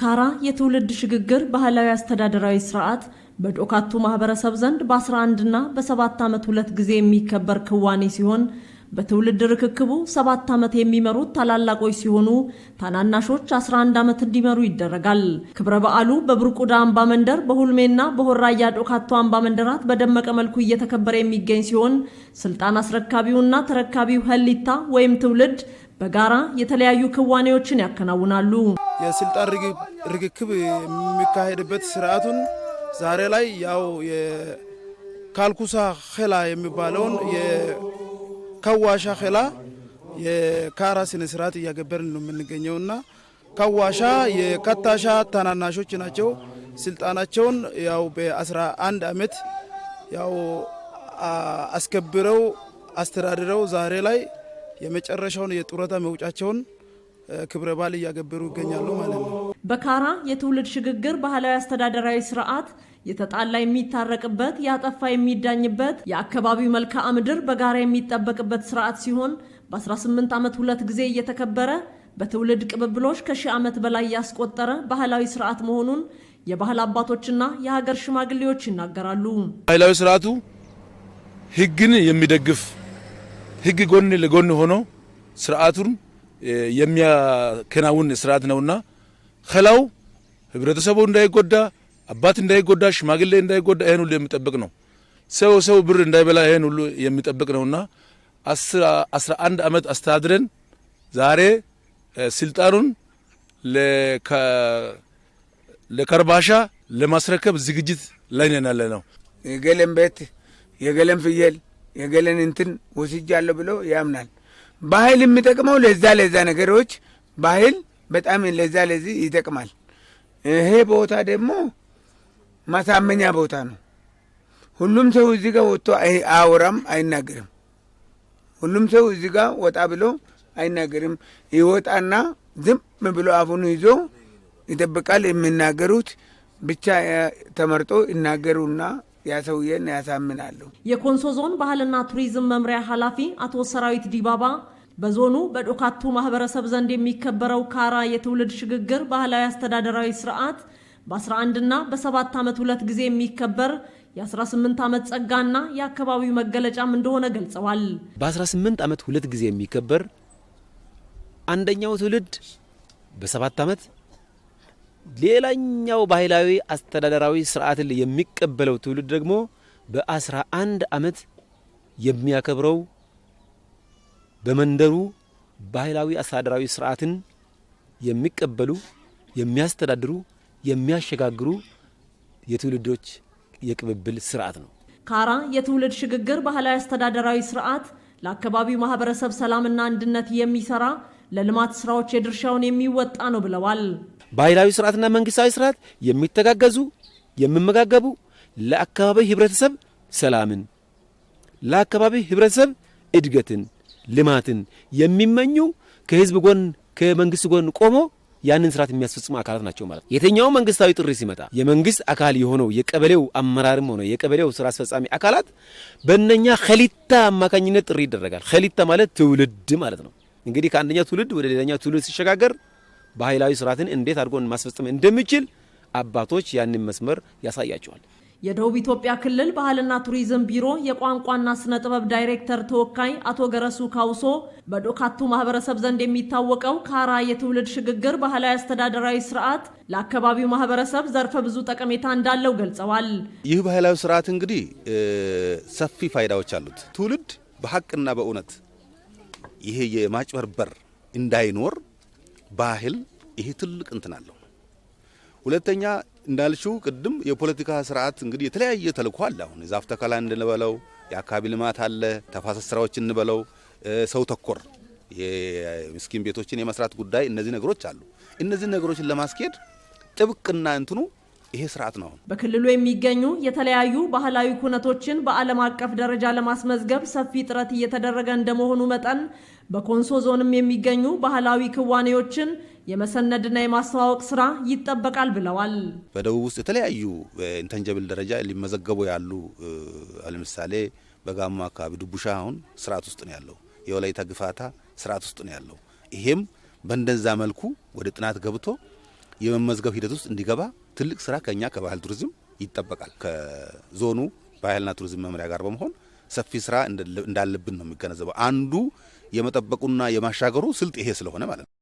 ካራ የትውልድ ሽግግር ባህላዊ አስተዳደራዊ ስርዓት በዶካቱ ማህበረሰብ ዘንድ በ11 እና በ7 ዓመት ሁለት ጊዜ የሚከበር ክዋኔ ሲሆን በትውልድ ርክክቡ 7 ዓመት የሚመሩት ታላላቆች ሲሆኑ ታናናሾች 11 ዓመት እንዲመሩ ይደረጋል። ክብረ በዓሉ በብርቁዳ አምባ መንደር በሁልሜና በሆራያ ዶካቶ አምባ መንደራት በደመቀ መልኩ እየተከበረ የሚገኝ ሲሆን ስልጣን አስረካቢውና ተረካቢው ህሊታ ወይም ትውልድ በጋራ የተለያዩ ክዋኔዎችን ያከናውናሉ። የስልጣን ርክክብ የሚካሄድበት ስርዓቱን ዛሬ ላይ ያው የካልኩሳ ሄላ የሚባለውን የካዋሻ ሄላ የካራ ስነ ስርዓት እያገበርን ነው የምንገኘውና ካዋሻ የካታሻ ታናናሾች ናቸው። ስልጣናቸውን ያው በ11 አመት ያው አስከብረው አስተዳድረው ዛሬ ላይ የመጨረሻውን የጡረታ መውጫቸውን ክብረ በዓል እያገበሩ ይገኛሉ ማለት ነው። በካራ የትውልድ ሽግግር ባህላዊ አስተዳደራዊ ስርዓት የተጣላ የሚታረቅበት፣ ያጠፋ የሚዳኝበት፣ የአካባቢው መልክዓ ምድር በጋራ የሚጠበቅበት ስርዓት ሲሆን በ18 ዓመት ሁለት ጊዜ እየተከበረ በትውልድ ቅብብሎች ከሺህ ዓመት በላይ ያስቆጠረ ባህላዊ ስርዓት መሆኑን የባህል አባቶችና የሀገር ሽማግሌዎች ይናገራሉ። ባህላዊ ስርዓቱ ህግን የሚደግፍ ህግ ጎን ለጎን ሆኖ ስርዓቱን የሚያከናውን ስርዓት ነውና ከላው ህብረተሰቡ እንዳይጎዳ፣ አባት እንዳይጎዳ፣ ሽማግሌ እንዳይጎዳ ይህን ሁሉ የሚጠብቅ ነው። ሰው ሰው ብር እንዳይበላ ይህን ሁሉ የሚጠብቅ ነውና አስራ አንድ አመት አስተዳድረን ዛሬ ስልጣኑን ለከርባሻ ለማስረከብ ዝግጅት ላይ ነን ያለ ነው። የገለም ቤት የገለም ፍየል የገለን እንትን ወስጃለሁ ብሎ ያምናል። ባህል የሚጠቅመው ለዛ ለዛ ነገሮች ባህል በጣም ለዛ ለዚህ ይጠቅማል። ይሄ ቦታ ደግሞ ማሳመኛ ቦታ ነው። ሁሉም ሰው እዚህ ጋር ወጥቶ አያወራም፣ አይናገርም። ሁሉም ሰው እዚህ ጋር ወጣ ብሎ አይናገርም። ይወጣና ዝም ብሎ አፉን ይዞ ይጠብቃል። የሚናገሩት ብቻ ተመርጦ ይናገሩና ያሰውዬን ያሳምናለሁ። የኮንሶ ዞን ባህልና ቱሪዝም መምሪያ ኃላፊ አቶ ሰራዊት ዲባባ በዞኑ በዶካቱ ማህበረሰብ ዘንድ የሚከበረው ካራ የትውልድ ሽግግር ባህላዊ አስተዳደራዊ ስርዓት በ11 እና በ7 ዓመት ሁለት ጊዜ የሚከበር የ18 ዓመት ጸጋና የአካባቢው መገለጫም እንደሆነ ገልጸዋል። በ18 ዓመት ሁለት ጊዜ የሚከበር አንደኛው ትውልድ በ7 ዓመት ሌላኛው ባህላዊ አስተዳደራዊ ስርዓትን የሚቀበለው ትውልድ ደግሞ በአስራ አንድ ዓመት የሚያከብረው በመንደሩ ባህላዊ አስተዳደራዊ ስርዓትን የሚቀበሉ የሚያስተዳድሩ፣ የሚያሸጋግሩ የትውልዶች የቅብብል ስርዓት ነው። ካራ የትውልድ ሽግግር ባህላዊ አስተዳደራዊ ስርዓት ለአካባቢው ማህበረሰብ ሰላምና አንድነት የሚሰራ ለልማት ስራዎች የድርሻውን የሚወጣ ነው ብለዋል። ባህላዊ ስርዓትና መንግስታዊ ስርዓት የሚተጋገዙ የሚመጋገቡ ለአካባቢ ህብረተሰብ ሰላምን፣ ለአካባቢ ህብረተሰብ እድገትን፣ ልማትን የሚመኙ ከህዝብ ጎን ከመንግስት ጎን ቆሞ ያንን ስርዓት የሚያስፈጽሙ አካላት ናቸው ማለት ነው። የትኛው መንግስታዊ ጥሪ ሲመጣ የመንግስት አካል የሆነው የቀበሌው አመራርም ሆነ የቀበሌው ስራ አስፈጻሚ አካላት በእነኛ ከሊታ አማካኝነት ጥሪ ይደረጋል። ኸሊታ ማለት ትውልድ ማለት ነው። እንግዲህ ከአንደኛ ትውልድ ወደ ሌላኛው ትውልድ ሲሸጋገር ባህላዊ ስርዓትን እንዴት አድርጎን ማስፈጸም እንደሚችል አባቶች ያንን መስመር ያሳያቸዋል። የደቡብ ኢትዮጵያ ክልል ባህልና ቱሪዝም ቢሮ የቋንቋና ስነ ጥበብ ዳይሬክተር ተወካይ አቶ ገረሱ ካውሶ በዶካቱ ማህበረሰብ ዘንድ የሚታወቀው ካራ የትውልድ ሽግግር ባህላዊ አስተዳደራዊ ስርዓት ለአካባቢው ማህበረሰብ ዘርፈ ብዙ ጠቀሜታ እንዳለው ገልጸዋል። ይህ ባህላዊ ስርዓት እንግዲህ ሰፊ ፋይዳዎች አሉት። ትውልድ በሀቅና በእውነት ይሄ የማጭበርበር እንዳይኖር ባህል ይሄ ትልቅ እንትን አለው። ሁለተኛ እንዳልሽው ቅድም የፖለቲካ ስርዓት እንግዲህ የተለያየ ተልእኮ አለ። አሁን የዛፍ ተከላ እንበለው፣ የአካባቢ ልማት አለ፣ ተፋሰስ ስራዎች እንበለው፣ ሰው ተኮር የምስኪን ቤቶችን የመስራት ጉዳይ፣ እነዚህ ነገሮች አሉ። እነዚህ ነገሮችን ለማስኬድ ጥብቅና እንትኑ ይሄ ስርዓት ነው። በክልሉ የሚገኙ የተለያዩ ባህላዊ ኩነቶችን በዓለም አቀፍ ደረጃ ለማስመዝገብ ሰፊ ጥረት እየተደረገ እንደመሆኑ መጠን በኮንሶ ዞንም የሚገኙ ባህላዊ ክዋኔዎችን የመሰነድና የማስተዋወቅ ስራ ይጠበቃል ብለዋል። በደቡብ ውስጥ የተለያዩ ኢንተንጀብል ደረጃ ሊመዘገቡ ያሉ ለምሳሌ በጋሞ አካባቢ ዱቡሻ አሁን ስርዓት ውስጥ ነው ያለው። የወላይታ ግፋታ ስርዓት ውስጥ ነው ያለው። ይሄም በእንደዛ መልኩ ወደ ጥናት ገብቶ የመመዝገብ ሂደት ውስጥ እንዲገባ ትልቅ ስራ ከኛ ከባህል ቱሪዝም ይጠበቃል። ከዞኑ ባህልና ቱሪዝም መምሪያ ጋር በመሆን ሰፊ ስራ እንዳለብን ነው የሚገነዘበው። አንዱ የመጠበቁና የማሻገሩ ስልት ይሄ ስለሆነ ማለት ነው።